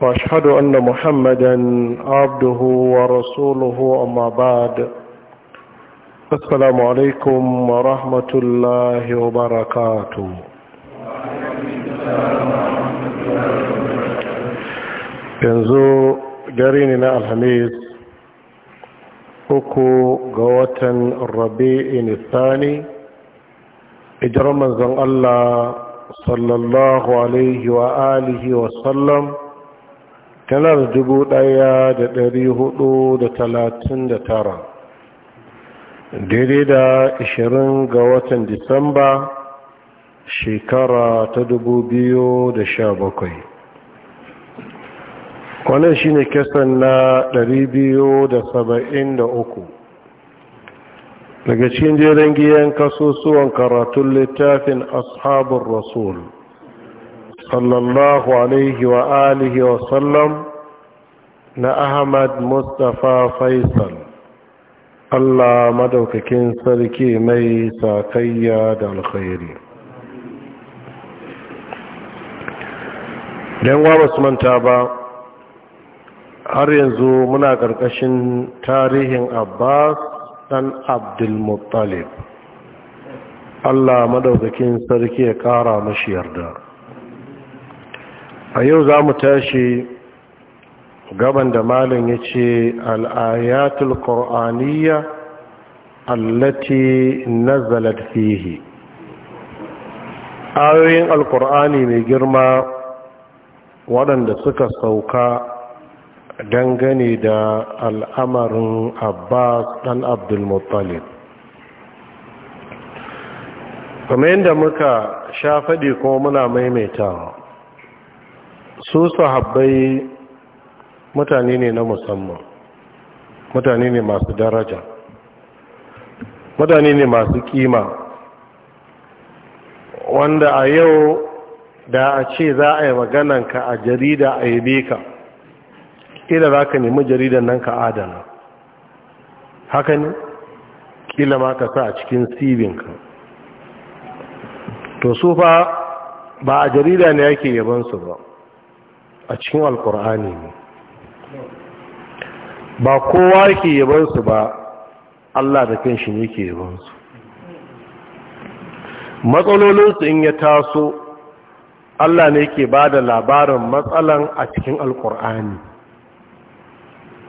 واشهد ان محمدا عبده ورسوله اما بعد السلام عليكم ورحمه الله وبركاته yanzu dare ne na alhamis uku ga watan rabi'in thani ijirar manzon allah sallallahu alaihi wa alihi wa sallam tanar dubu ɗaya da dari hudu da talatin da tara daidai da ishirin ga watan disamba shekara ta dubu biyu da sha bakwai kwanan shi ne kesan na dari biyu da saba'in da uku daga cikin jirgin giyan kasusuwan karatun littafin ashabin rasul صلى الله عليه وآله وسلم نأحمد مصطفى فيصل الله كن سلكي ميسا قياد الخير لنوا wa basu manta ba har yanzu muna ƙarƙashin tarihin abbas ɗan abdulmuttalib allah madaukakin sarki ya ƙara mashi yarda a yau za mu tashi gaban da malin ya ce al'ayatul ƙor'aniyya allati nazalat fihi ayoyin alƙur'ani mai girma waɗanda suka sauka dangane da al'amarin abbas ɗan abdulmuttalib kuma yadda muka sha faɗi kuma muna maimaitawa su sahabbai mutane ne na musamman mutane ne masu daraja mutane ne masu kima wanda a yau da a ce za a yi magananka a jarida a yabe ka ƙila za ka nemi jaridan nan ka adana haka ne ƙila ma ka sa a cikin sibinka to su fa ba a jarida ne yake yabansu ba a cikin alkur'ani ne ba kowa ke yabansu ba Allah da shi ne yake yabansu matsalolinsu in ya taso Allah ne yake ba da labarin matsalan a cikin alkur'ani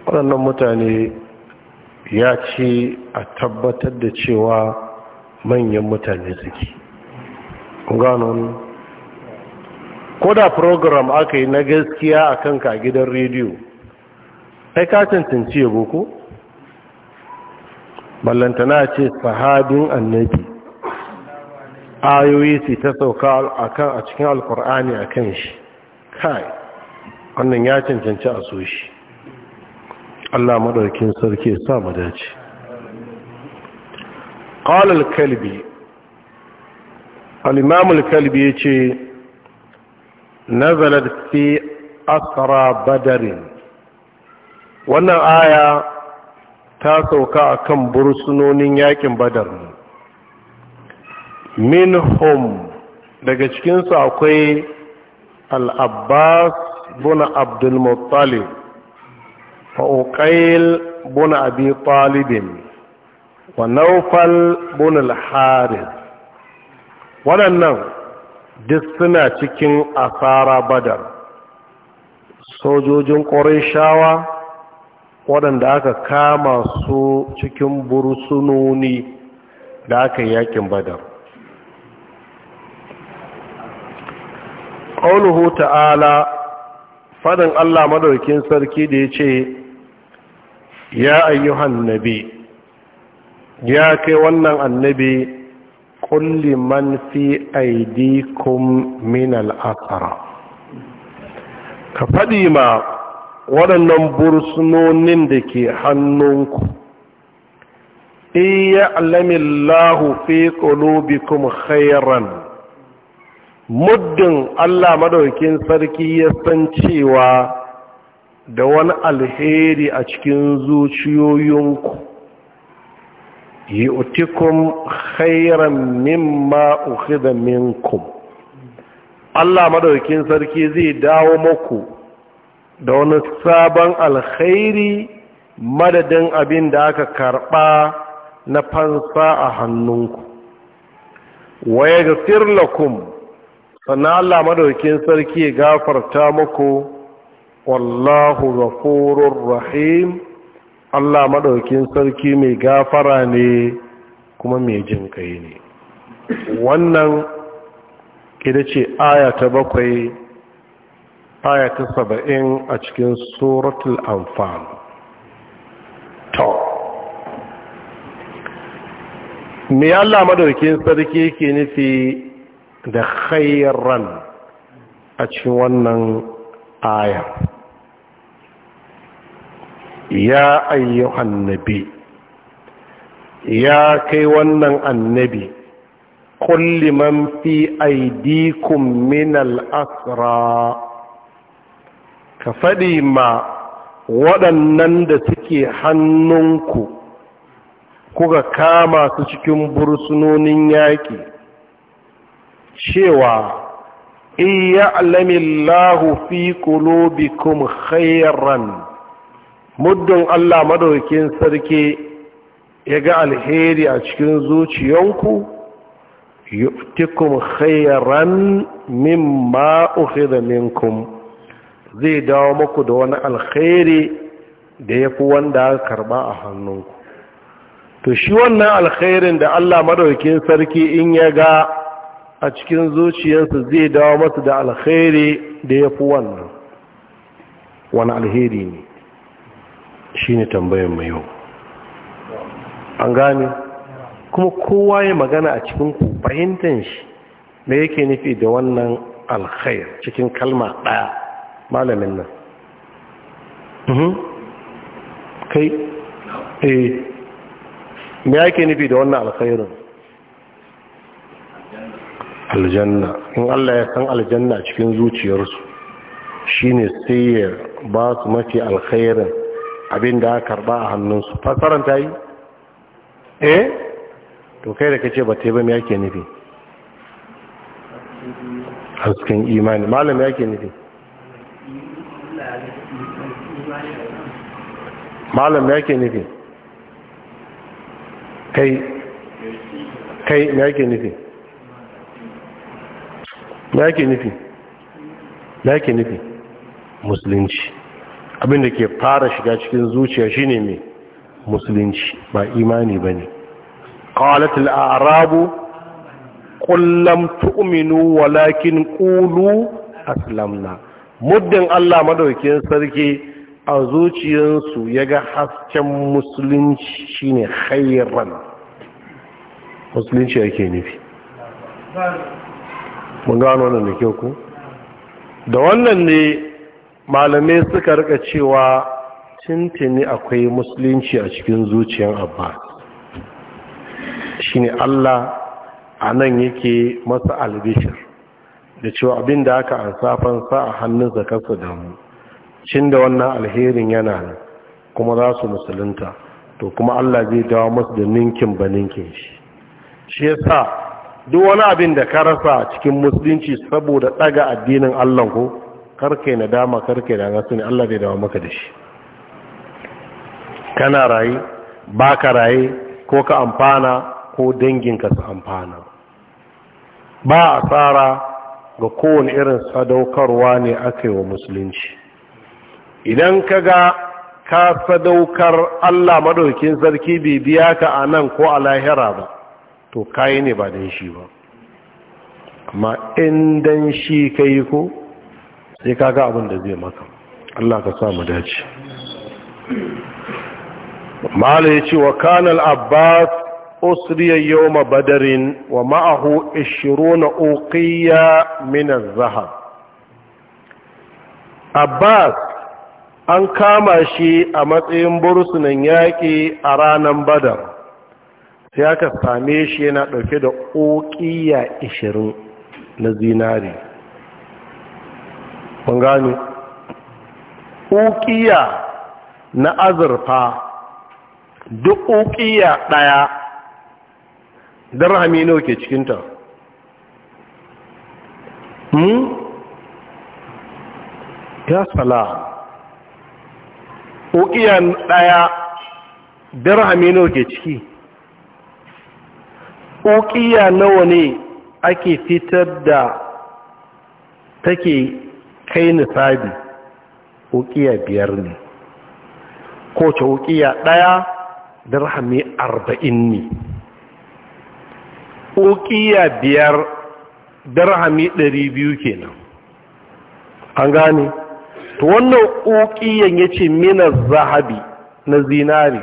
waɗannan mutane ya ce a tabbatar da cewa manyan mutane suke gano ko da program aka yi na gaskiya a kanka a gidan rediyo ai ka cancanci ya boko? ballantana ce sahabin annabi ayoyi su ta sauka a cikin alkur'ani a kan shi kai wannan ya cancanci a so shi allah maɗaukin sarki sa ma dace ƙalal kalbi al'imamul kalbi ya ce Na fi asra badarin wannan aya ta sauka a akan bursunonin yakin badar minhum daga cikinsu akwai al'abbas buna abdulmuttalib fa'uƙail buna abi talibin wa naufal buna al waɗannan duk suna cikin asara badar sojojin ƙorishawa waɗanda aka kama su cikin bursunoni da aka yakin badar ƙaunuhu ta'ala faɗin allah madaukin sarki da ya ce ya ayyuhan nabi ya kai wannan annabi kulli man fi aidikum min al'asara ka faɗi ma waɗannan bursunonin da ke hannunku iya alamillahu fi qulubikum khairan muddin Allah madaukin sarki ya san cewa da wani alheri a cikin zuciyoyinku yu'tikum khairan mimma ukhidha minkum Allah madaukin sarki zai dawo muku da wani sabon alkhairi madadin abin da aka karba na fansa a hannunku waye gafir lakum sannan Allah madaukin sarki ya gafarta muku wallahu ghafurur rahim Allah maɗaukin sarki mai gafara ne kuma mai jin kai ne wannan ita ce aya ta bakwai aya ta saba'in a cikin suratul anfal to me Allah maɗaukin sarki ke nufi da khairan a cikin wannan aya? ya ayyuhan nabi ya kai wannan annabi kulli man fi aidikum min al-asra ka faɗi ma waɗannan da suke hannunku kuka kama su cikin bursunonin yaƙi cewa in ya'lamillahu fi qulubikum khairan muddin Allah madaukin sarki ya ga alheri a cikin zuciyanku yuftikum khayran mimma ukhidha minkum zai dawo muku da wani alheri da yafi wanda aka karba a hannunku to shi wannan alherin da Allah madaukin sarki in ya ga a cikin zuciyarsa zai dawo masa da alheri da yafi wannan wani alheri ne shine tambayar mu yau an gane kuma kowa ya magana a cikin ku fahimtar shi me yake nufi da wannan alkhair cikin kalma ɗaya malamin nan mhm. kai eh me yake nufi da wannan alkhairin aljanna in Allah ya san aljanna cikin zuciyarsu shine sai ya ba su mafi alkhairin abin da karba a hannunsu fasaran ta yi eh to kai da kace ba yi ba me yake nufi hasken imani malam yake nufi malam yake nufi kai kai me yake nufi me yake nufi me yake nufi musulunci abinda ke fara shiga cikin zuciya shine mai musulunci ba imani ba ne ƙalatul arabu ƙullam tu'minu walakin ƙulu aslamna muddin allah madaukin sarki a zuciyarsu ya ga hasken musulunci shine khairan musulunci yake nufi mun gano wannan da kyau ku da wannan ne malamai suka rika cewa tuntuni akwai musulunci a cikin zuciyar abbas ne allah a nan yake masa albishir da cewa abin da aka an safan sa a hannunsa kasa damu cin da wannan alherin yana nan kuma za su musulunta to kuma allah zai dawo masu da ninkin ba ninkin shi shi ya sa duk wani abin da ka rasa cikin musulunci saboda daga addinin allah ko karke na dama karke da nasu ne Allah zai dawo maka da shi kana raye ba ka raye ko ka amfana ko dangin ka su amfana ba a tsara ga kowane irin sadaukarwa ne aka yi wa musulunci idan ka ga ka sadaukar Allah madaukin sarki bai biya ka a nan ko a lahira ba to kayi ne ba don shi ba amma in don shi ka yi ko sai ka ga abin da zai maka Allah ka sa mu dace mala ya ce wa kanal abbas usriya yawma badarin wa ma'ahu 20 uqiya min az-zahab abbas an kama shi a matsayin bursunan yaƙi a ranar badar sai aka same shi yana ɗauke da uqiya 20 na zinari mun gano ukiya na azurfa duk ukiya ɗaya darhami nawa ke cikinta hmm? ya salam ukiya ɗaya darhami nawa ke ciki ukiya nawa ne ake fitar da take kai nisabi ukiya biyar ne ko ce ukiya ɗaya dirhami arba'in ne ukiya biyar dirhami ɗari biyu kenan an gane to wannan ukiyan ya ce mina zahabi na zinari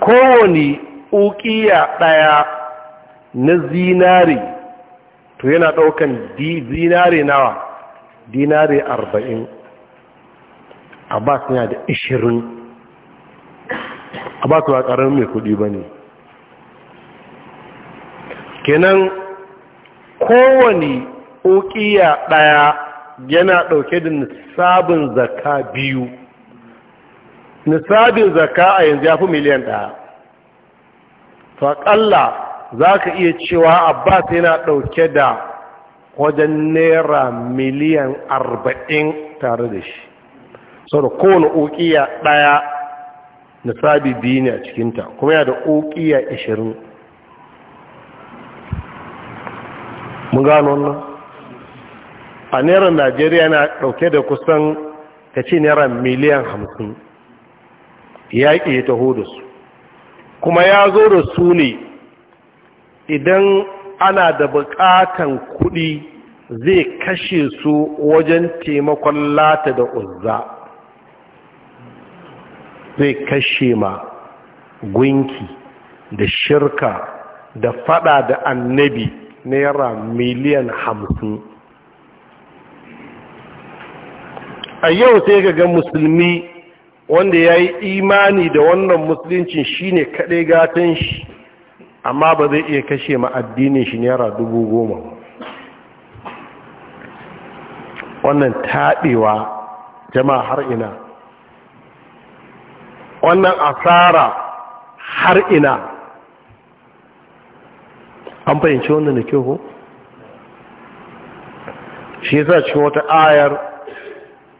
kowane ukiya ɗaya na zinari to yana ɗaukan dinare nawa dinare arba'in abbas yana da ishirin abbas ba karamin mai kuɗi ba ne kenan kowane okiya ɗaya yana ɗauke da nisabin zaka biyu nisabin zaka a yanzu ya fi miliyan ɗaya to aƙalla za ka iya cewa abbas yana ɗauke da wajen naira miliyan arba'in tare da shi sau da kowane ukiya ɗaya na sabi biyu ne a cikinta kuma yana da ukiya ashirin mun gano wannan a naira najeriya na ɗauke da kusan ka ce naira miliyan hamsin ya ya taho da su kuma ya zo da su ne idan ana da bukatan kuɗi zai kashe su wajen taimakon lata da uzza zai kashe ma gunki da shirka da fada da annabi naira miliyan hamsin a yau sai ga musulmi wanda ya yi imani da wannan musulunci shine kaɗai gatan shi amma ba zai iya kashe ma addinin shi naira dubu goma wannan taɗewa jama'a har ina wannan asara har ina an fahimci wannan da kyau shi yasa cikin wata ayar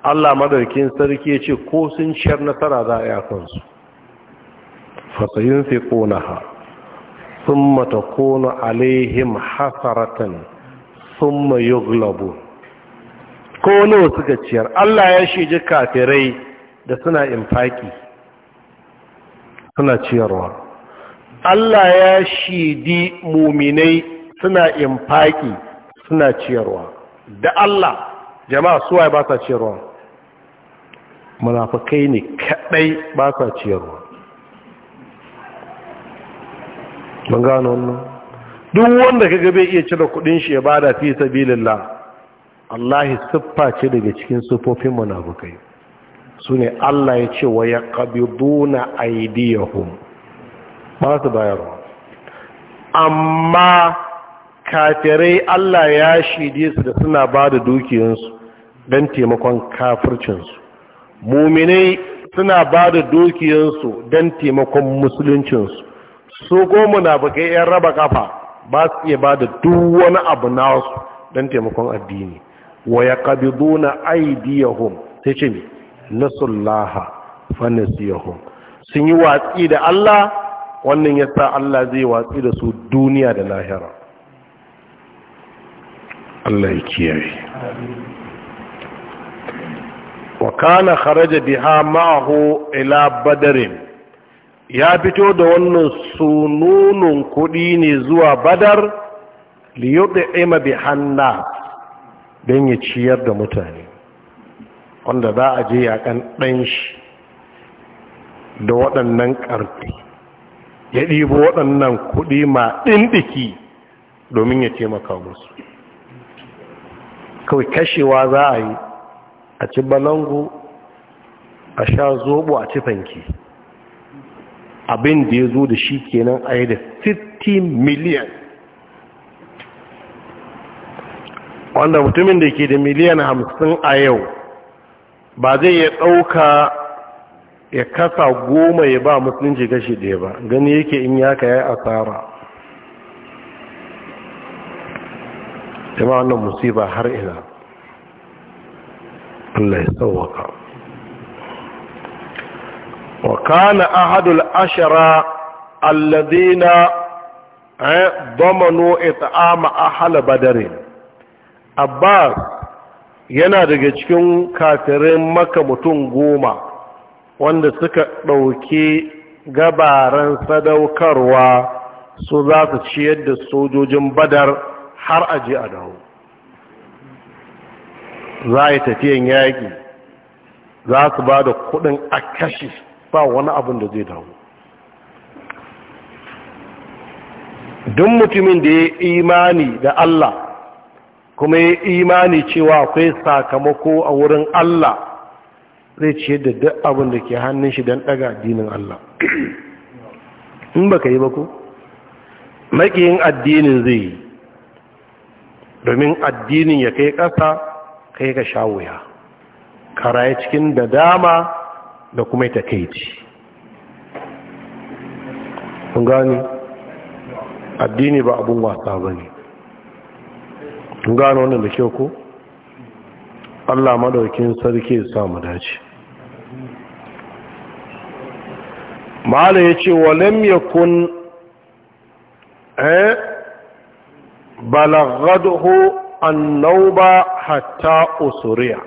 Allah madarkin sarki ya ce ko sun ciyar nasara za a yakansu fasayin ƙona ha. ثم تكون عليهم حسرة ثم يغلبون كونوا سكتشير الله يشيج كافري da suna infaki suna ciyarwa Allah ya shidi muminai suna infaki suna ciyarwa da Allah jama'a suwaye ba sa ciyarwa munafukai ne kadai ba sa ciyarwa mun gano wannan duk wanda kaga bai iya cire kudin shi ya bada fi sabilillah Allah siffa ce daga cikin sufofin munafukai sune Allah ya ce wa yaqbiduna aydiyahum ba su wa. amma kafirai Allah ya shide su da suna ba da dukiyansu don taimakon kafircinsu muminai suna ba da dukiyansu don taimakon musuluncinsu su ko munafikai yan raba kafa ba su iya ba da duk wani abu na wasu don taimakon addini wa yaqbiduna aydiyahum sai ce me nasullaha fa nasiyahum sun yi watsi da Allah wannan yasa Allah zai watsi da su duniya da lahira Allah ya kiyaye wa kana kharaja biha ma'ahu ila badarin ya fito da wannan sununun kuɗi ne zuwa badar liyoɗe ema bi hanna don ya ciyar da mutane wanda za a je yakan ɗan shi da waɗannan ƙarfi ya ɗibo waɗannan kuɗi ma ɗinɗiki domin ya taimaka musu kawai kashewa za a yi a ci balangu a sha zobo a ci fanki abin da ya zo da shi kenan a da 50 miliyan wanda mutumin da ke da miliyan hamsin a yau ba zai ya ɗauka ya kasa goma ya ba musulunci gashi ɗaya ba gani yake in yaka ya asara ta ba wannan musiba har ina Allah ya tsawaka wa kana ahadul ashara alladhina damanu it'ama ahal badr Abba yana daga cikin kafirin maka mutum goma wanda suka ɗauki gabaran sadaukarwa su zasu su ciyar da sojojin badar har aji a dawo za a yi tafiyan yaƙi za su ba da kudin a kashi ba wani abin da zai damu Don mutumin da ya imani da Allah kuma ya imani cewa akwai sakamako a wurin Allah zai ce da duk abin da ke hannun shi don daga addinin Allah in ba ka yi ba ku makiyin addinin zai yi domin addinin ya kai ƙasa kai ka sha wuya karaye cikin da dama da kuma ita yi kun gani addini ba abin wasa ba ne kun gani wannan da kyau ko allah madaukin sarki ya samu dace ma'ala ya ce walam ya kun eh, balaghaduhu annauba hatta usuriya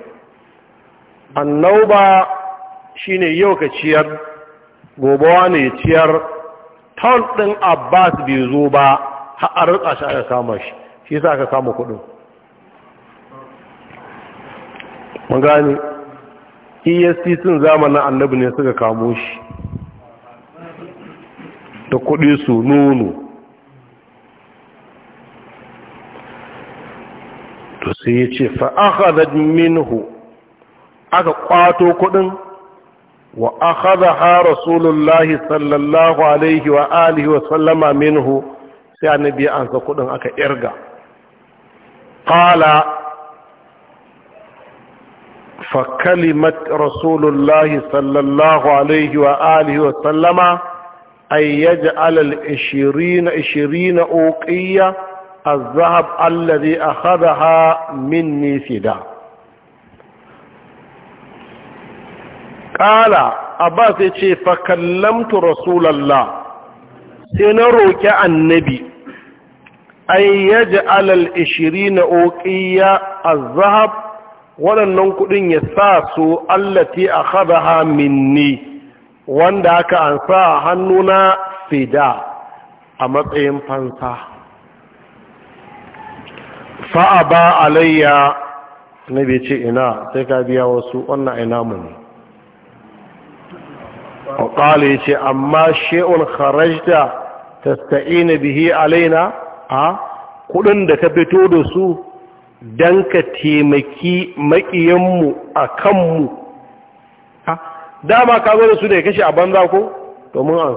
annauba Shi ne yau ka ciyar gobe ne ya ciyar Taun ɗin abbas bai zo ba har rika shi aka kama shi shi sa aka kama kuɗin magani est sun zamanin annabi ne suka kamo shi da kuɗi su nunu to sai ya ce fa'akadar minhu aka kwato kuɗin واخذها رسول الله صلى الله عليه واله وسلم منه سي النبي ان كودن اكا ارغا قال فكلمة رسول الله صلى الله عليه وآله وسلم أن يجعل العشرين إشرين أوقية الذهب الذي أخذها مني فداه ƙala abbas ya ce fakallamtu rasulallah sai na roƙi annabi ai ya ji alal ishiri na oƙiya a zahab waɗannan kuɗin ya sa su allati a haɗa minni wanda aka an sa hannuna fida a matsayin fansa fa'a ba alayya na ce ina sai ka biya wasu wannan ina mu وقال يتي أما شيء خرجت تستعين به علينا kudin da ka fito da su don ka taimaki makiyanmu a kanmu dama ka zo da su da ya kashe a banza ko domin an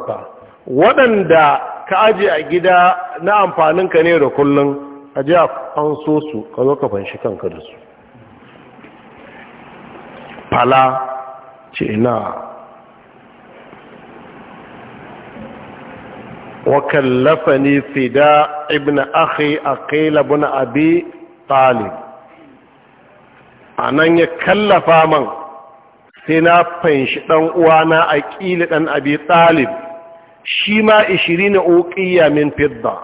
waɗanda ka aje a gida na amfanin ka da kullum aje an so su ka ka fanshi kanka da su fala ce na وكلفني فداء ابن أخي أقيل بن أبي طالب أنا يكلف من سنا فنش وانا أقيل دان أبي طالب شما إشرين أوقية من فضة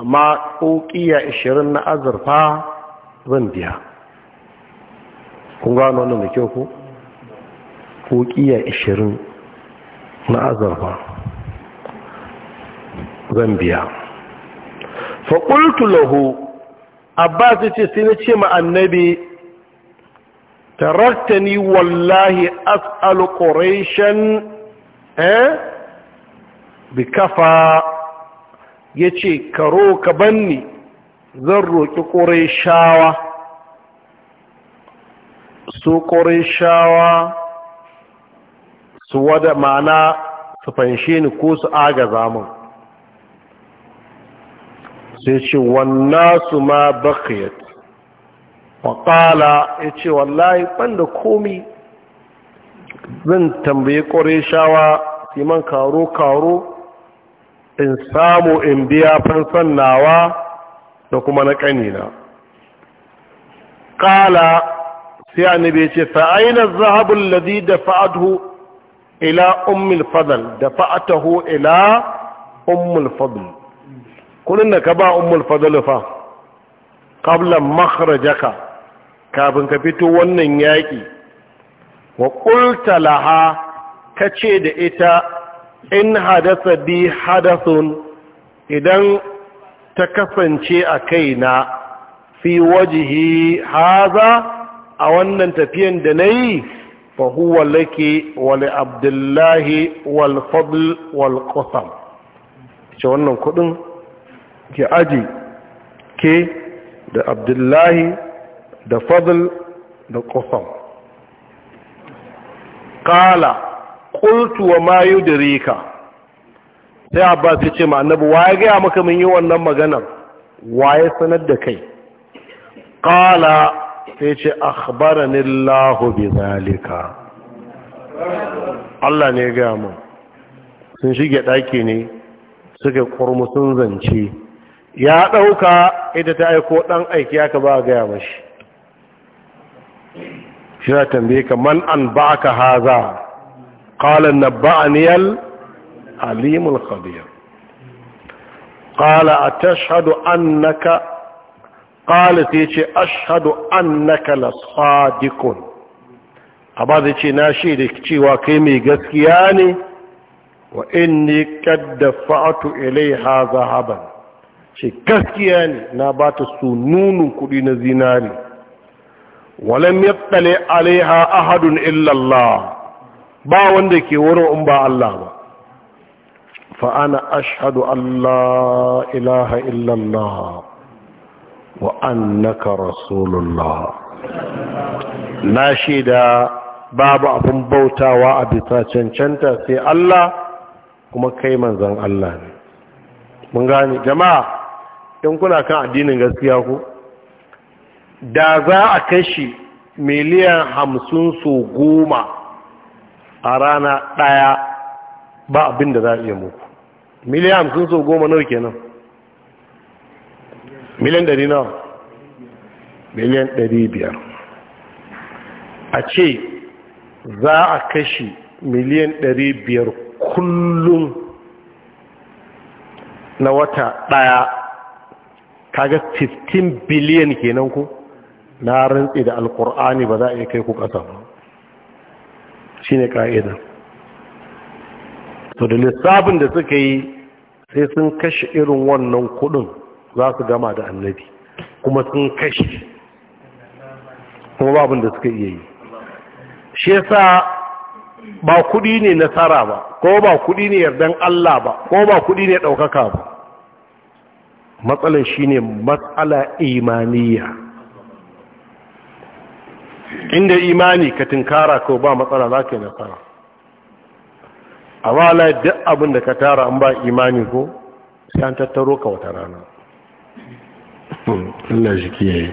أما أوقية إشرين أزرفا بندها kun gano wannan da kyau ko? na azurfa zan biya faƙultu lahu abbas ya ce sai na ce ma annabi ni wallahi as'alu quraishan eh bi kafa yace karo ka banni zan roƙi ƙorashawa su ƙorashawa su wada ma'ana su fanshe ni ko su agaza mun sai ce wanna su ma bakiyat waƙala ya ce wallahi ɓanda komi zan tambaye ƙware shawa man karo-karo in samu in biya fansan nawa da kuma na ƙanina ƙala sai annabi ce fa'ina zahabun ladi da fa'adhu ila ummul fadl da fa'atahu ila Ummil fadl kuɗin da ka ba ummul fadl fa qabla kafin ka fito wannan yaki wa qulta laha kace da ita in hadatha bi hadathun idan ta kasance a kai na, fi wajihi haza a wannan tafiyan da na yi fahuwa lake wale abdullahi walfadl walƙasam ce wannan kudin ki aji ke da abdullahi da fadl da kusam kala kultuwa mayu da rika sai abbas ya ce ma annabi ya gaya maka mun yi wannan maganar ya sanar da kai kala sai ce akhbaranillahu bi zalika Allah ne ya gaya mun sun shige ɗaki ne suka sun zance ya ɗauka ita ta aiko ɗan aiki aka ba gaya mashi shi na tambaye ka man an ba ka haza ƙala na ba'aniyal alimul khabir ƙala a tashhadu annaka ƙala ta ce ashhadu annaka la sadikun a ba zai ce na shi da cewa kai mai gaskiya ne wa inni kadda ilai haza haban ce gaskiya ne na ba ta sununun kuɗi na zinari walam yattale alaiha ahadun illallah ba wanda ke wurin in ba Allah ba fa'ana ashhadu Allah ilaha illallah wa annaka rasulullah na shaida babu abin bautawa a bisa cancanta sai Allah kuma kai manzon Allah ne mun gane jama'a in kuna kan addinin gaskiya ku da za a kashe miliyan hamsin so goma a rana ɗaya ba abin da za a iya muku miliyan hamsin so goma nawa nan? miliyan ɗari nawa miliyan ɗari biyar a ce za a kashe miliyan ɗari biyar kullum na wata ɗaya kaga 15 biliyan kenan ku na rantsi da alkur'ani ba za a iya kai ku ƙasa ba shi ne ƙa'ida to da lissafin da suka yi sai sun kashe irin wannan kudin za su gama da annabi kuma sun kashe kuma babin da suka iya yi shi yasa ba kudi ne nasara ba ko ba kudi ne yardan Allah ba ko ba kudi ne ɗaukaka ba matsalar shi ne matsala imaniya inda imani ka tinkara ko ba matsala za ka yi nasara a wala duk abin da ka tara an ba imani ko sai an tattaro ka wata rana Allah shi kiyaye yi.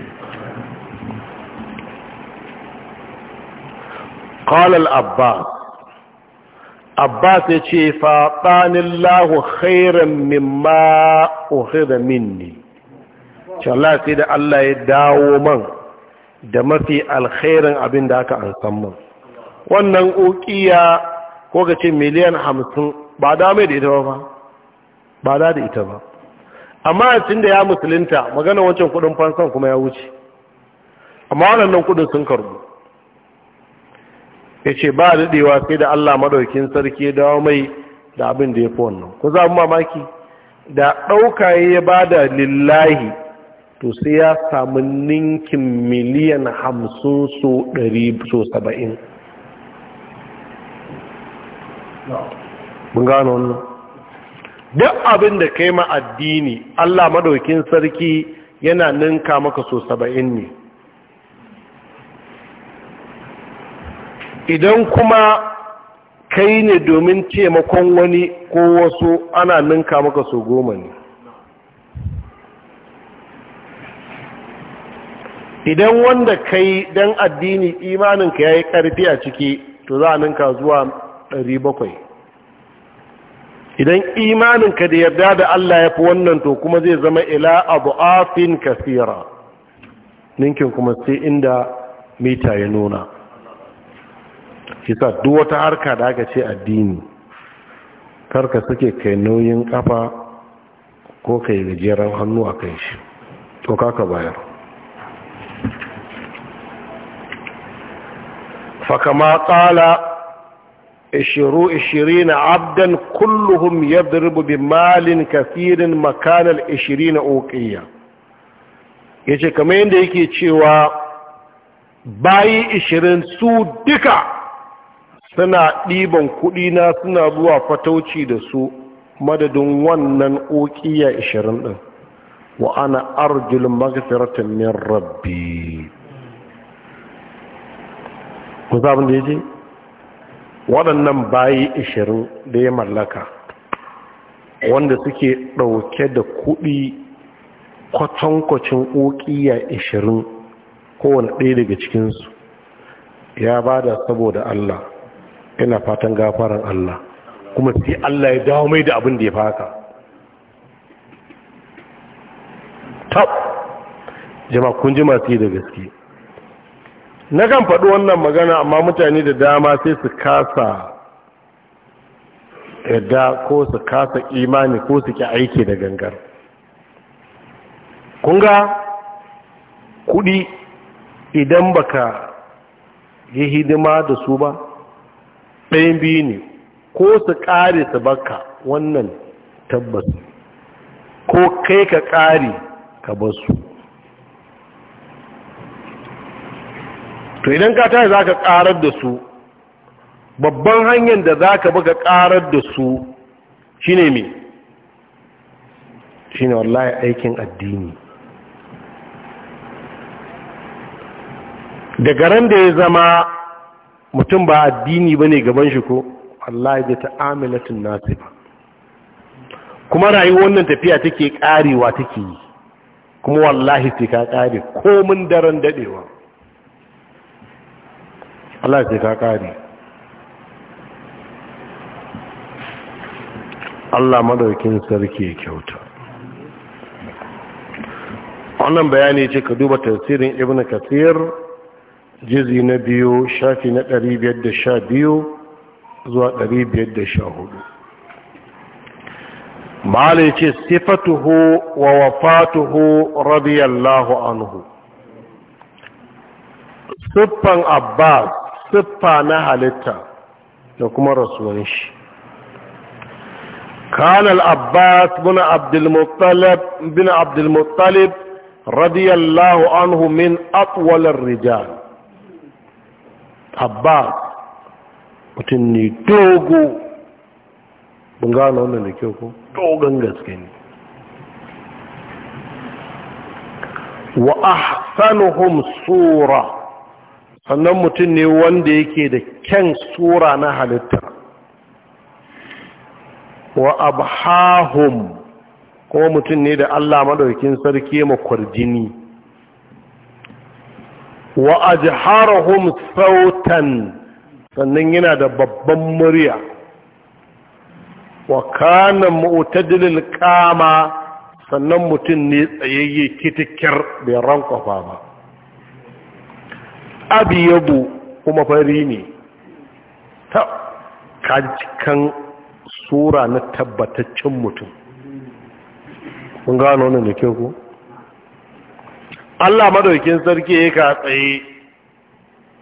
abbas abbas ya ce faɗanin lahu khairan mimma uhida minni Allah sai da Allah ya dawo man da mafi alkhairan abin da aka an san wannan ƙoƙiya ko ga ce miliyan hamsin ba da mai da ita ba ba da da ita ba amma a cin da ya Musulinta magana wancan kuɗin fansan kuma ya wuce amma waɗannan kuɗin sun karbu ya ce ba daɗewa sai da allah maɗaukin sarki ya dawo mai da abin da ya fi wannan ku za mu mamaki da ɗauka ya ba da lillahi to sai ya samu ninkin miliyan hamsin so ɗari so saba'in mun gano wannan duk abin da kai ma addini allah maɗaukin sarki yana ninka maka so saba'in ne idan kuma kai ne domin taimakon wani ko wasu ana ninka maka su goma ne idan wanda kai don addini imaninka ya yi ƙarfi a ciki to za a ninka zuwa 700 idan imaninka da yarda da Allah ya fi wannan to kuma zai zama ila abu afin kasira ninkin kuma sai inda mita ya nuna shi duk wata harka da aka ce addini karka suke kai nauyin kafa ko kai gajeren hannu a kan shi to kaka bayar fakama tsala na abdan kulluhum yadribu bi malin kasirin makanal okiya ya ce kamar yadda yake cewa bayi ishirin su duka suna ɗiban kuɗina suna zuwa fatauci da su madadin wannan ƙoƙiya ishirin ɗin wa ana arjul magfiratan min rabbi ku zaɓin da ya je waɗannan bayi ishirin da ya mallaka wanda suke ɗauke da kuɗi kwatankwacin ƙoƙiya ishirin kowane ɗaya daga cikinsu ya ba da saboda Allah Ina fatan gafaran Allah kuma sai Allah ya dawo mai da abin da ya faka tab jama'a kun ji masu yi da gaske na kan faɗi wannan magana amma mutane da dama sai su kasa yadda ko su kasa imani ko su ki aiki da gangar Kun ga kuɗi idan baka yi hidima da su ba ɗayan biyu ne ko su ƙare su baka wannan tabbas ko kai ka ƙare ka basu to idan ka tashi za ka ƙarar da su babban hanyar da za ka buga ƙarar da su shi ne mai shi ne wallahi aikin addini daga ran da ya zama mutum ba addini ba ne gaban shi ko Allah ya ta nasi ba kuma rayuwar wannan tafiya take karewa take yi kuma wallahi sai ka kare komin daren dadewa Allah sai ka kare Allah madaukin sarki ya kyauta wannan bayani ce ka duba tafsirin ibnu kathir jizi na biyu shafi na 512 zuwa 514 ma'ala ce sifatuhu wa wafatuhu radiyallahu anhu siffan abbas siffa na halitta da kuma rasuwan shi كان العباس بن عبد المطلب بن عبد المطلب رضي الله عنه من أطول الرجال abbas mutum ne dogo mun gano wannan da kyau ko dogon gaske ne wa ahsanuhum sura sannan mutum ne wanda yake da kyan sura na halitta wa abhahum ko mutum ne da Allah maɗaukin sarki ma kwarjini wa ajharahum sautan sannan yana da babban murya wa kana mu'tadilil qama sannan mutum ne tsayayye kitikir bai rankwafa ba abiyabu kuma fari ne ta kajikan sura na tabbataccen mutum kun gano wani da ke ku Allah madaukin sarki ya ka tsaye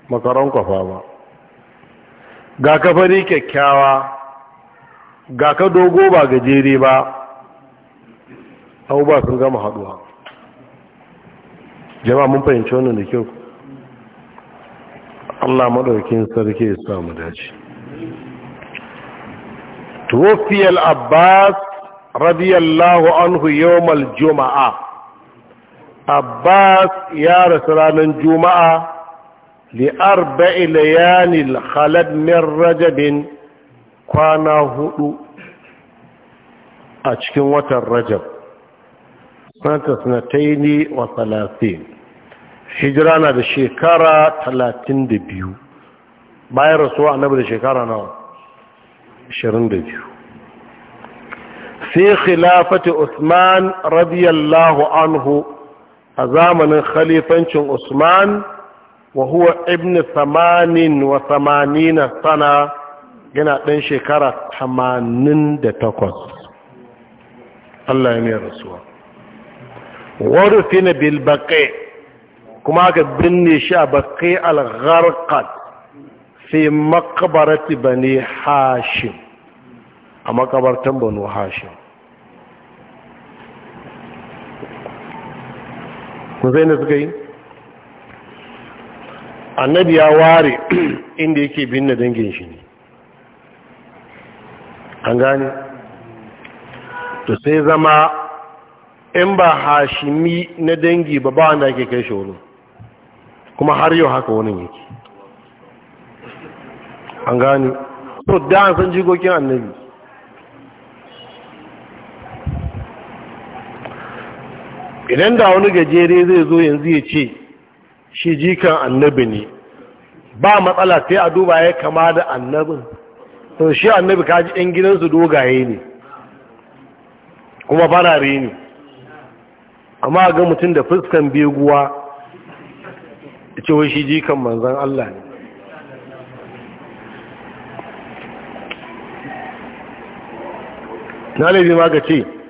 makaron kwafa ba ga ka fari kyakkyawa ga ka dogo ba gajere ba abubuwa sun gama haduwa jama'a mun fahimci wannan da kyau Allah madaukin sarki ya samu dace tuwafiyar abbas radiyallahu anhu yawmal juma'a abbas ya rasu ranar juma'a li'arba'i layanil khalad min rajabin kwana hudu a cikin watan rajab sanata sanataini wa salasin. hijira na da shekara talatin da biyu bayan rasuwa annabi da shekara nawa ashirin da biyu sai khilafati usman radiyallahu anhu a zamanin khalifancin usman wa huwa ibn samanin wa samanina sana yana ɗan shekara tamanin da takwas Allah ya mai rasuwa warufina bilbaƙe kuma aka binne shi a baƙe algharkat fi makabarati bane hashim a makabartan bane hashim kun suka yi annabi ya ware inda yake binne dangin shi ne an gane to sai zama in ba hashimi na dangi ba ba wanda ake kai shi kuma har yau haka wani yake an gane to da an san jikokin annabi idan da wani gajere zai zo yanzu ya ce shi jikan annabi ne ba matsala sai a duba ya kama da annabin to shi annabi kaji ɗan gidansu dogaye ne kuma farare ne amma ga mutum da fuskan beguwa ya ce wai shi jikan manzan Allah ne na ma ga ce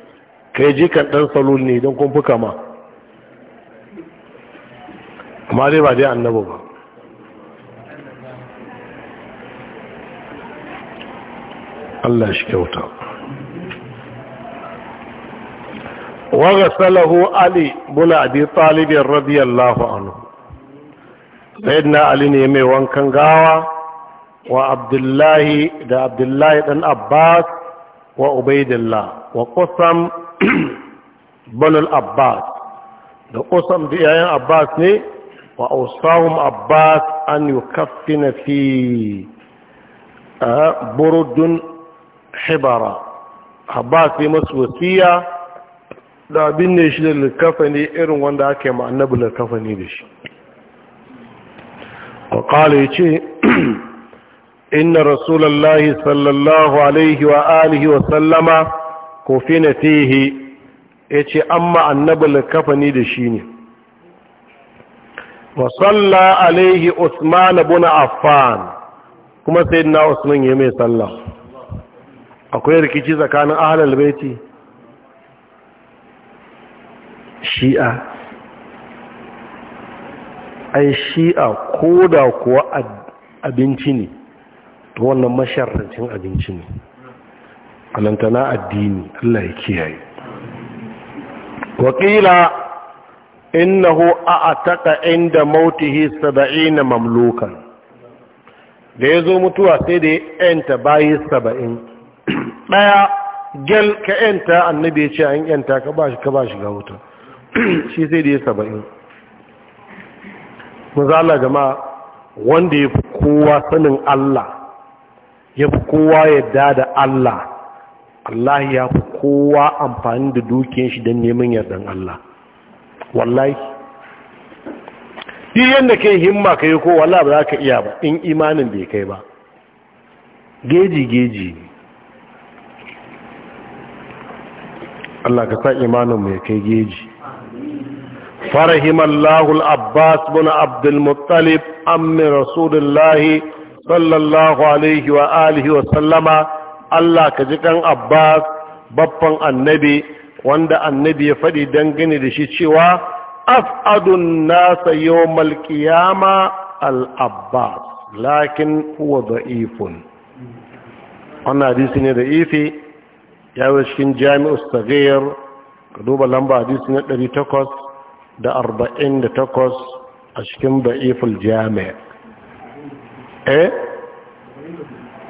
kai kan ɗan salon ne don kun fi kama amma dai ba dai annaba ba Allah shi kyauta salahu ali bula abi talibin radiyallahu anhu sayyidina ali ne mai wankan gawa wa abdullahi da abdullahi dan abbas wa ubaidillah wa qasam banul abbas da kusan da yayan abbas ne wa ausahum abbas an yukaffina fi eh, burudun hibara abbas ne masu wasiya da abin ne shi da likafa ne irin wanda ake yi ma'annabi likafa ne da shi وقال يجي إن رسول الله wa الله عليه وآله وسلم كفن فيه ya ce amma annabi likafani da shi ne wa salla alaihi usman ibn affan kuma sayyidina usman ya mai sallah akwai rikici tsakanin ahlul baiti shi'a ai shi'a ko da kuwa abinci ne to wannan masharrancin abinci ne alantana addini Allah ya kiyaye wakila innahu a'ataka inda mautihi 70 mamlukan da ya zo mutuwa sai da yanta bayi 70 daya gel ka yanta annabi ya ce an yanta ka ba shi ka ba shi ga wuta shi sai da ya 70 mazala jama'a wanda ya fi kowa sanin Allah ya fi kowa yadda da Allah Allah ya fi kowa amfani da dukiyar shi don neman yardan Allah wallahi yi yadda ke himma ka yi ko wala ba za ka iya ba in imanin bai kai ba geji-geji Allah ka sa imanin mai kai geji farahimar lahul abbas buna abdulmuttalib amma rasulun lahi sallallahu alaihi wa alihi wa sallama Allah ka ji kan abbas babban annabi wanda annabi ya faɗi dangane da shi cewa af'adun nasa yawmal malkiyama al lakin huwa da'ifun wannan hadisi ne da ifi ya zo cikin jami'u saghir ka duba lamba hadisi na 848 a cikin ba'iful jami'a. eh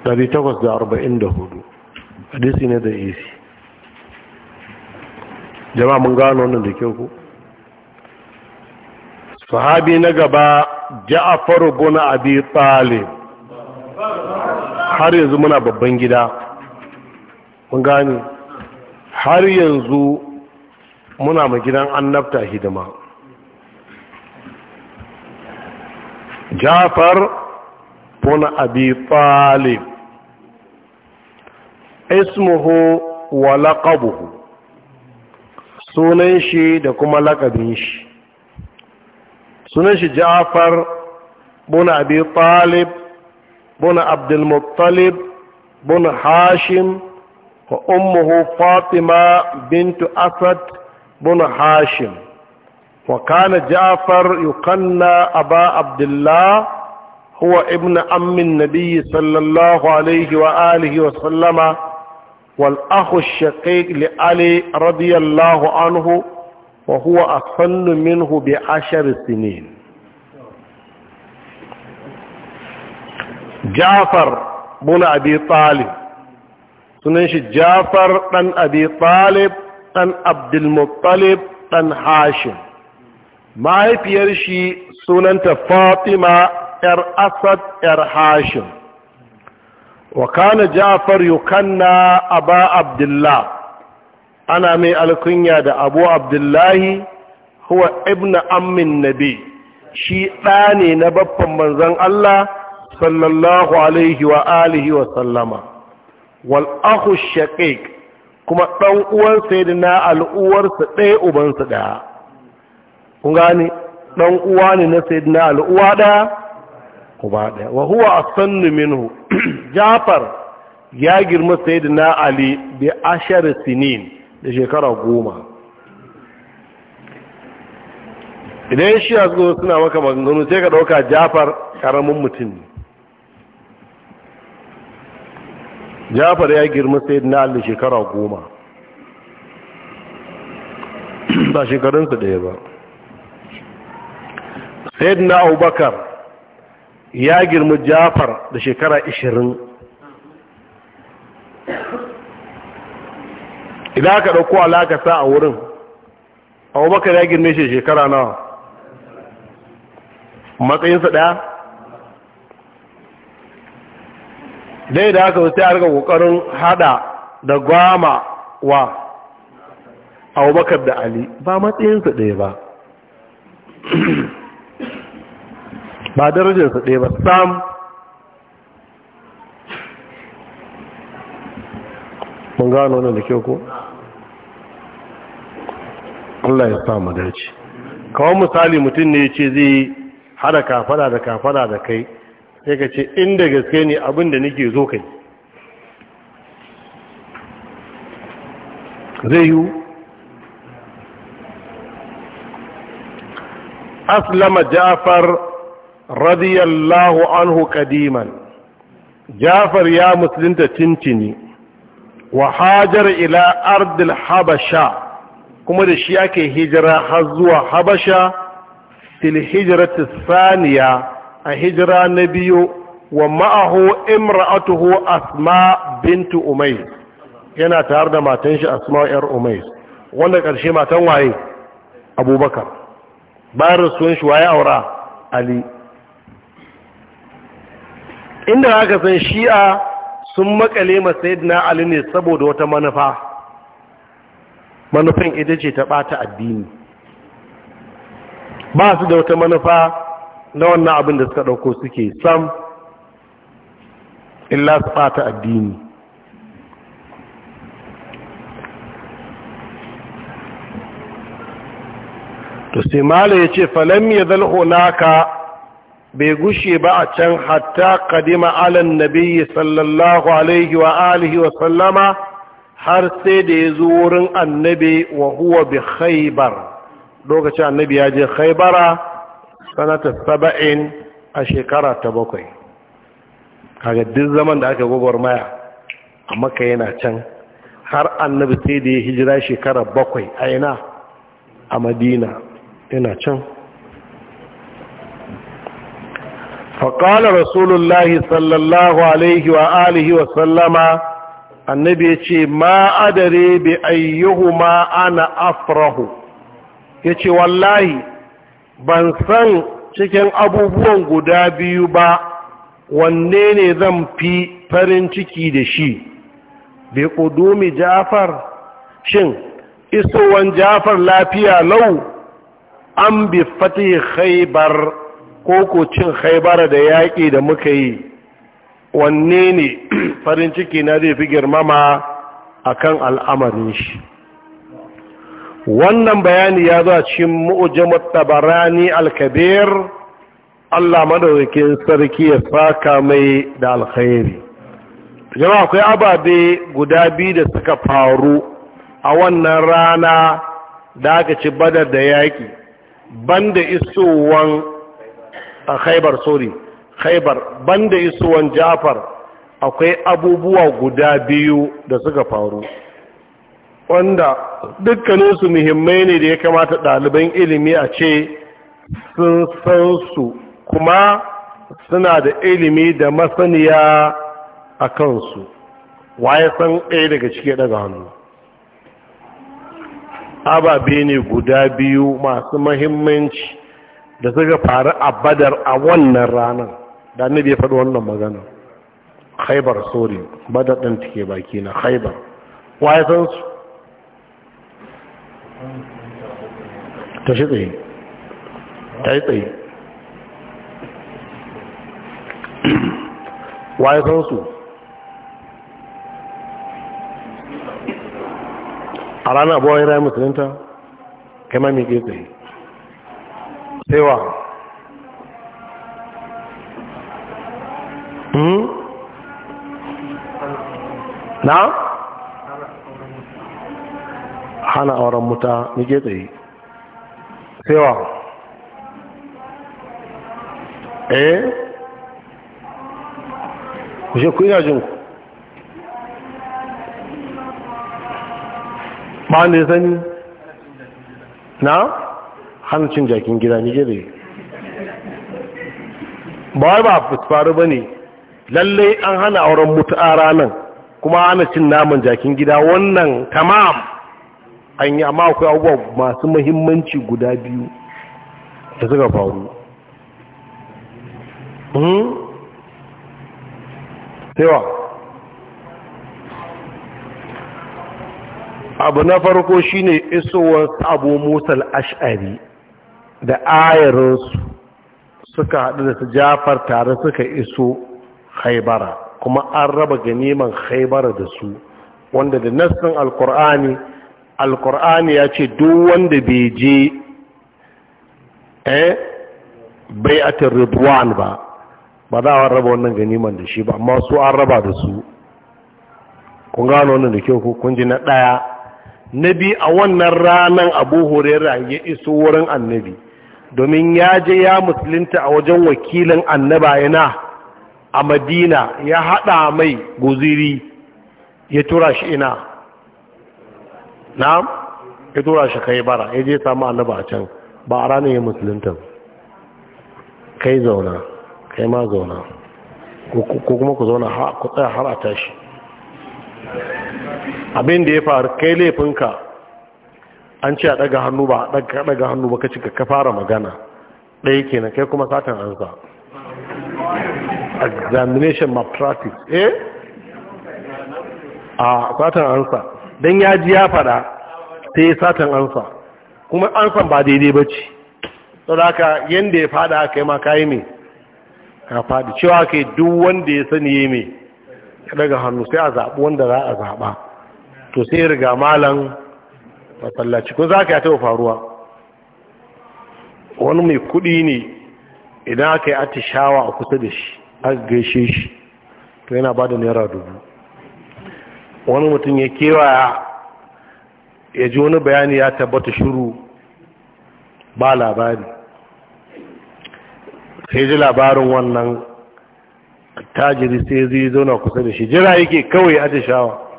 844 hadisi ne da ifi jama'a mun gano wannan da kyau ku sahabi na gaba ja'far ibn abi talib har yanzu muna babban gida mun gane har yanzu muna ma gidan annabta hidima ja'far ibn abi talib ismuhu wa laqabuhu sunan shi da kuma lakabin shi sunan shi ja'far buna abi talib buna abdulmuttalib buna hashim wa ummuhu fatima bintu asad buna hashim وكان جعفر يقنى أبا عبد الله هو ابن أم النبي صلى الله عليه وآله وسلم والأخ الشقيق لعلي رضي الله عنه وهو أقل منه بعشر سنين جعفر بن أبي طالب سننش جعفر بن أبي طالب بن عبد المطلب بن هاشم ما هي فيرشي سننت فاطمة ار أسد ار هاشم wa kana ja'far yukanna aba abdullah ana mai alkunya da abu abdullahi huwa ibnu ammin nabi shi ɗa ne na babban manzon Allah sallallahu alaihi wa alihi wa sallama wal akhu shaqiq kuma dan uwan sayyidina al'uwarsa ɗaya ubansa ɗaya kun gane dan uwa ne na sayyidina al'uwa ɗaya uba ɗaya wa huwa asannu minhu jafar ya girma na ali bi ashar sinin da shekara goma idan shi a zuwa suna maka maganganu sai ka ɗauka jafar ƙaramin mutum ne jafar ya girma na ali shekara goma ba shekarunsa ɗaya ba na abubakar ya girma jafar da shekara 20 idan aka ɗauko alaka sa a wurin abubakar ya girme shi shekara nawa matsayinsa ɗaya dai da aka wuce a ƙoƙarin hada da gwama wa abubakar da ali ba matsayinsa ɗaya ba ba darajarsa ɗaya ba sam mun gano wani da kyau ko Allah ya sa mu dace kawai misali mutum ne ce zai hada kafada da kafada da kai sai ka ce inda gaske ne abinda da nake zo kai zai yiwu aslama ja'far radiyallahu anhu kadiman jafar ya musulunta tintini wahajar hajar ila ardil habasha kuma da shi ake hijira har zuwa habasha fil hijrati a hijira na biyu wa ma'ahu imra'atuhu asma bintu umais yana tare da matan shi asma yar umais wanda ƙarshe matan waye abubakar bayan rasuwan shi waye aura ali inda aka san shi'a sun makale masayidina ali ne saboda wata manufa manufan ita ce ta bata addini ba su da wata manufa na wannan abin da suka dauko suke sam illa su bata addini to sai ya ce falam ya naka bai gushe ba a can hatta kadima alan nabiyyi sallallahu alaihi wa alihi wa sallama har sai da ya zo wurin annabi wa huwa bi khaybar lokacin annabi ya je khaybara sanata saba'in a shekara ta bakwai kaga duk zaman da aka gwagwarmaya a maka yana can har annabi sai da ya hijira shekara bakwai a ina a madina yana can faƙala rasulullahi sallallahu alaihi wa wa sallama annabi ya ce ma adare bi ayyuhu ma afrahu ya ce wallahi ban san cikin abubuwan guda biyu ba wanne ne zan fi farin ciki da shi bai ƙudumi jafar shin isowan jafar lafiya lau an bi fatih khaibar ko ko cin haibara da yaƙi da muka yi wanne ne farin ciki na zai fi girmama a kan al'amarin shi wannan bayani ya zuwa cikin mu'ujamar matabarani alkabir allah madaukakin sarki ya saka mai da alkhairi jama akwai ababe guda biyu da suka faru a wannan rana da aka ci badar da yaƙi banda isowan a khaibar sori khaibar banda isuwan jafar akwai abubuwa guda biyu da suka faru wanda dukkaninsu muhimmai ne da ya kamata ɗaliban ilimi a ce sun san su kuma suna da ilimi da masaniya a kansu waye san ɗaya daga cike daga hannu ababe ne guda biyu masu mahimmanci da suka faru a badar a wannan ranar da ne bai faɗi wannan magana khaibar sori badar ɗin take baki na khaibar waye san su ta shi tsaye ta yi tsaye waye san su a ranar abuwa ya rayu musulunta kai ma mai ke tsaye Sewa, hmm na hana auren muta nike tsaye Sewa, eh Kushe je ku ina ku. ba ne sani na hana cin jakin gida ni gida ba wai ba faru ba ne lallai an hana auren mutu'a ranar kuma ana cin naman jakin gida wannan tamam an yi amma akwai abubuwa masu mahimmanci guda biyu da suka faru hmm? abu na farko shine isowar abu musal ash'ari da ayarinsu suka haɗu da su jafar tare suka iso haibara kuma an raba ganiman haibara da su wanda da nassin alkur'ani alkur'ani ya ce duk wanda bai je eh bai'atin ribuwan ba ba za a raba wannan ganiman da shi ba amma su an raba da su kun gano wannan da kyau kun ji na ɗaya na biyu a wannan ranar abu horera ya iso wurin annabi domin ya je ya musulunta a wajen wakilin annaba yana a madina ya haɗa mai guziri ya tura shi ina na ya tura shi kai bara ya je samu annaba a can ba a ranar ya musulunta kai zauna kai ma zauna ko kuma ku zauna ku tsaye har a tashi abin da ya faru kai laifinka an ce a daga hannu ba a daga hannu ba ka ka fara magana ɗaya kenan kai kuma satan an sa examination malpractice eh a satan an sa don ya ji ya fada sai satan an sa kuma an san ba daidai ba ce saboda yadda ya fada aka yi ma yi mai ka fadi cewa ka yi duk wanda ya sani ya mai daga hannu sai a zaɓi wanda za a zaɓa to sai riga malam masallaci ko za ka yi taɓa faruwa wani mai kudi ne idan aka yi atishawa a kusa da shi aka gaishe shi to yana ba da naira dubu wani mutum ya kewaya ya ji wani bayani ya tabbata shuru ba labari sai ji labarin wannan tajiri sai zai zauna kusa da shi jira yake kawai atishawa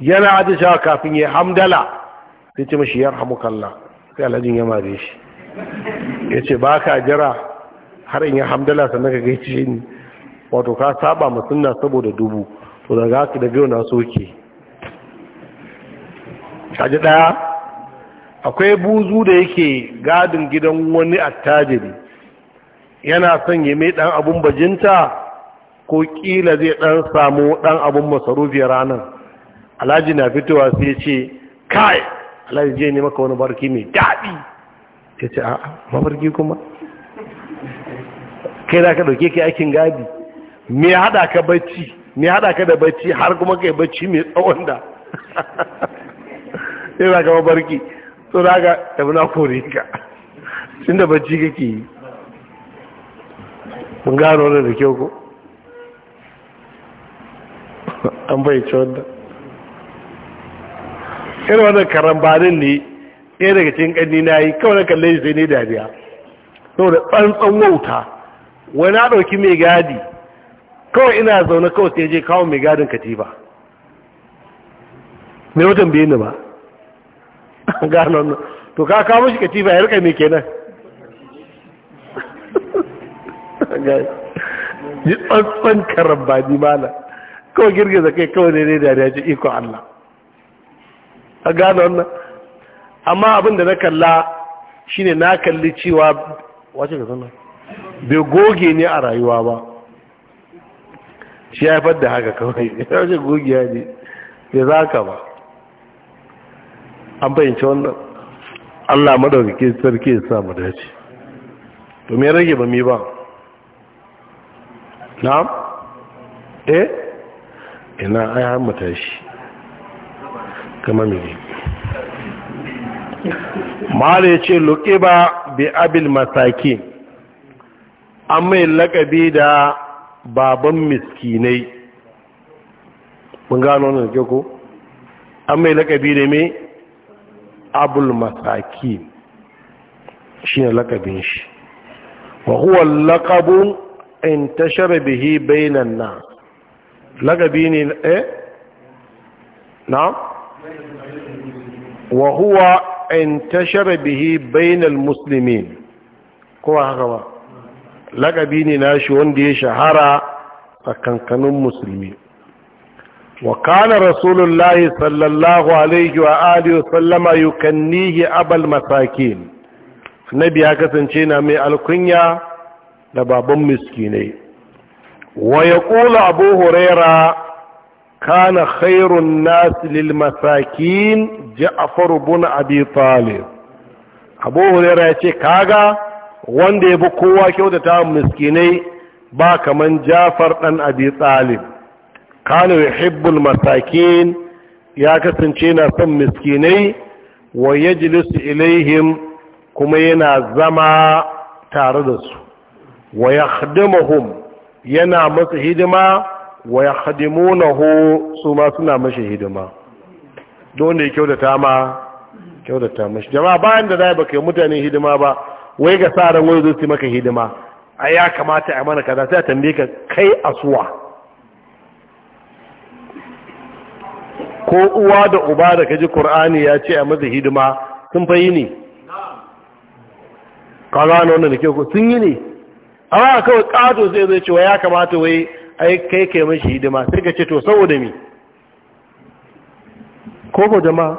yana atishawa kafin ya hamdala sai ce mashi kalla sai alhajin ya mare shi ya ce ba ka jira har in ya hamdala sannan ka ce ni wato ka saba saboda dubu to daga haka da biyu na soke kaji daya akwai buzu da yake gadin gidan wani attajiri yana son ya mai dan abun bajinta ko kila zai dan samu dan abun masarufi ranar alhaji na fitowa sai ya ce kai alhaji je ne maka wani barki mai daɗi ya ce a mafarki kuma kai za ka ɗauke kai aikin gadi me haɗa ka bacci me haɗa ka da bacci har kuma kai bacci mai tsawon da ya za ka mafarki so za ka tafi na kore ka sun da bacci kake yi mun gano wani da kyau ko an bai ci wanda irin wannan karambanin ne ɗaya daga cikin ƙanni na yi kawai na kalle zai ne dariya saboda tsantsan wauta wani na ɗauki mai gadi kawai ina zaune kawai sai je kawo mai gadin katifa mai watan biyu ne ba gano to ka kawo shi katifa ya rika mai kenan ji tsantsan karambani mana kawai girgiza kai kawai ne ne dariya ce iko Allah a gano wannan amma abin da na kalla ne na kalli cewa wace ka sanar bai goge ne a rayuwa ba shi ya haifar da haka kawai ya wace ya ne bai za ka ba an fahimci wannan allah madaukake sarki ya samu dace domin rage ba mi ba na, eh ina ai har matashi ka mamaye mala ya ce luƙiba bi abin masaki an mai laƙabi da baban miskinai mun gano da ke ko an mai laƙabi da mai abul masaki shi ne laƙabin shi wa huwa laƙabun in tashar bihi bainan na laƙabi ne eh na wa huwa intashara bihi bainal muslimin kuma haka ba lakabi ne na shi wanda ya shahara tsakankanin musulmi wa kana rasulullahi sallallahu alaihi wa alihi wa sallama yukannihi abal masakin annabi ya kasance na mai alkunya da baban miskinai wa yaqulu abu huraira kana khairun nas lil masakin ja'far ibn abi talib abu hurairah yace kaga wanda yabi kowa kyautata miskinai ba kaman ja'far dan abi talib kana yuhibbul masakin ya kasance na son miskinai wa yajlisu ilaihim kuma yana zama tare da su wa yakhdumuhum yana musu hidima wa ya ho, su ma suna mashi hidima don da ya kyautata ma kyautata mashi jama'a bayan da zai baka yi mutane hidima ba wai ga sa wani zuci maka hidima a ya kamata a mana kaza sai a tambaye ka kai asuwa ko uwa da uba da kaji ƙur'ani ya ce a maza hidima sun fa yi ne kaza na wanda da ke sun yi ne amma kawai kato zai zai cewa ya kamata wai ai kai kai mashi hidima sai ka ce to saboda me koko jama'a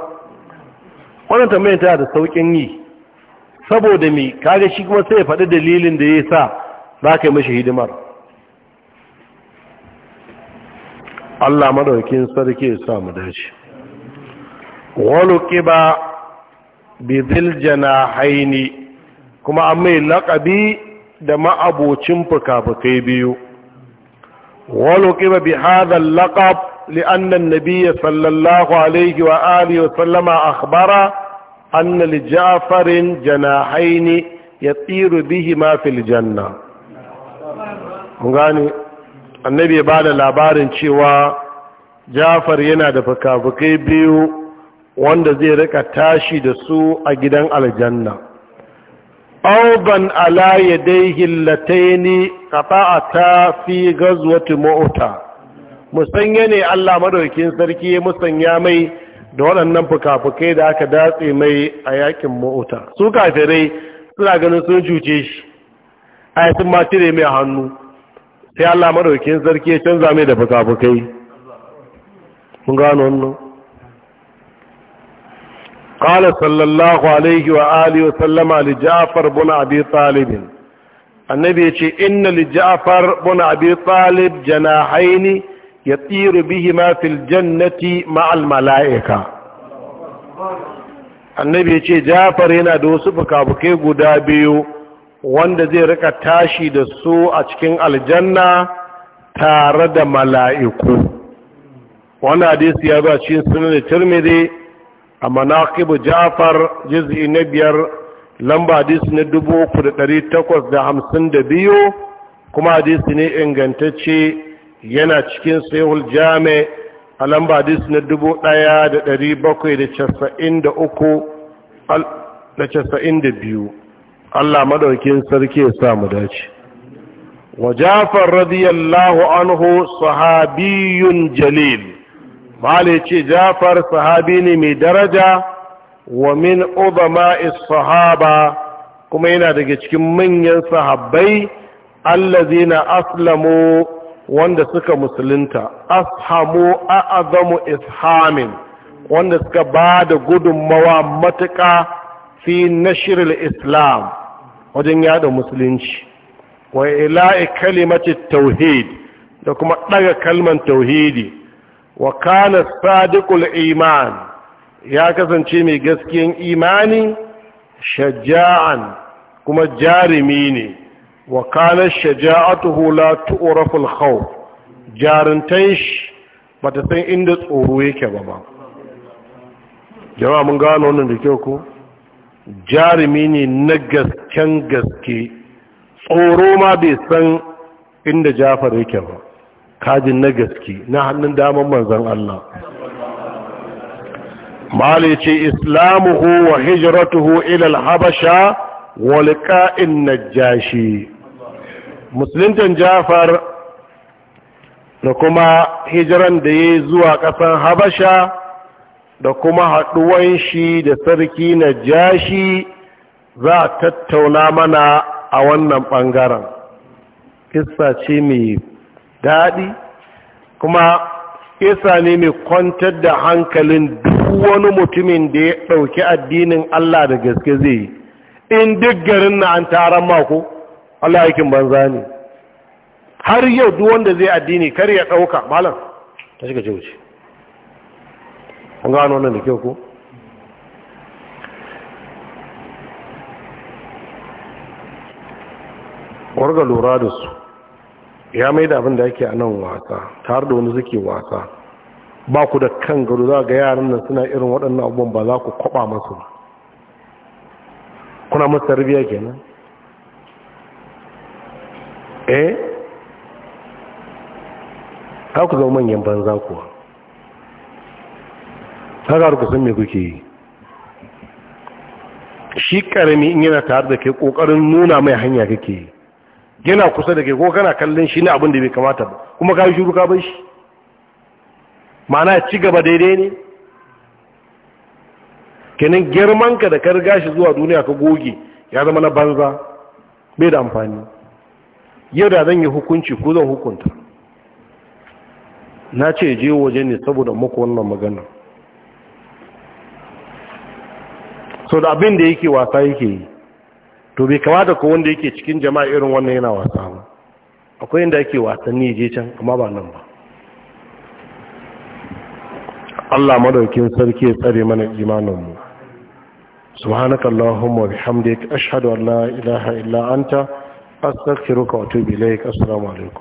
wannan tambayar ta da saukin yi saboda me kaga shi kuma sai ya faɗi dalilin da ya sa za ka yi mashi hidimar Allah madaukin sarki ya sa mu dace wani kiba bizil janahaini kuma an lakabi da ma'abocin fuka-fukai biyu ولقب بهذا اللقب لأن النبي صلى الله عليه وآله وسلم أخبر أن لجعفر جناحين يطير بهما في الجنة gani annabi ya bada labarin cewa jafar yana da fuka biyu wanda zai rika tashi da su a gidan aljanna auban ala yadayhi lataini ta fi gazwati mauta musanya ne Allah madaukakin sarki ya musanya mai da waɗannan fukafukai da aka datse mai a yakin mu'ta su kafirai suna ganin sun cuce shi ai sun ma cire mai hannu sai Allah madaukakin sarki ya canza mai da fukafukai mun gano wannan قال صلى الله عليه وآله وسلم لجعفر بن أبي طالب النبي يقول إن لجعفر بن أبي طالب جناحين يطير بهما في الجنة مع الملائكة annabi ya ce jafar yana da wasu fukafukai guda biyu wanda zai rika tashi da su a cikin aljanna tare da mala'iku Wannan hadisi ya zo a cikin sunan da tirmidhi a manaƙibu jafar jiz'i na biyar lamba hadisi na dubu uku da ɗari takwas da hamsin da biyu kuma hadisi ne ingantacce yana cikin sayhul jami a lamba hadisi na dubu ɗaya da ɗari bakwai da casa'in da uku da casa'in da biyu allah maɗaukin sarki ya mu dace wa jafar radiyallahu anhu sahabiyun jalil mala ce jafar sahabi ne mai daraja wa min uzama sahaba kuma yana daga cikin manyan sahabbai na aslamu wanda suka musulunta ashamu a'zamu ishamin wanda suka ba da gudunmawa matuƙa fi nashiril islam wajen yada musulunci wa ila'i kalimatit tauhid da kuma ɗaga kalman tauhidi wa kana sadiqul iman ya kasance mai gaskiyan imani shaja'an kuma jarimi ne wa kana shaja'atuhu la tu'rafu al-khawf jarintan shi bata san inda tsoro yake ba ba jama'a mun gano wannan da kyau ko jarimi ne na gasken gaske tsoro ma bai san inda jafar yake ba kajin na gaske na hannun daman manzan Allah mali ce islamuhu wa hijratuhu ilal habasha wa liqa'in najashi Musulintan jafar da kuma hijiran da ya zuwa ƙasar habasha da kuma haɗuwan shi da sarki najashi za a tattauna mana a wannan ɓangaren kissa ce mai daɗi kuma isa ne mai kwantar da hankalin duk wani mutumin da ya ɗauki addinin Allah da gaske zai yi in duk garin na an taron mako Allah yakin banza ne har yau duk wanda zai addini kar ya ɗauka malam ta shiga ce wuce kun gano wannan da kyau ko warga lura da su ya mai da abin da yake a nan wasa tare da wani suke wasa ba ku da kan gado za ga yaran nan suna irin waɗannan abubuwan ba za ku kwaba masu ba kuna masu tarbiya kenan eh za ku zama manyan banza kuwa ga ku san me kuke yi shi ƙarami in yana tare da ke ƙoƙarin nuna mai hanya kake yi yana kusa da ke ko kana kallon shi ne abin da bai kamata ba kuma ka yi shuru ka bai shi mana ci gaba daidai ne kenan girmanka da karga gashi zuwa duniya ka goge ya zama na banza bai da amfani yau zan yi hukunci ko zan hukunta na ce je waje ne saboda muku wannan magana so da abin da yake wasa yake yi to bai kamata ko wanda yake cikin jama'a irin wannan yana wasa ba akwai inda yake wasanni je can amma ba nan ba Allah madaukin sarki ya tsare mana imaninmu subhanaka allahumma bihamdika ashhadu an la ilaha illa anta astaghfiruka wa atubu ilayk assalamu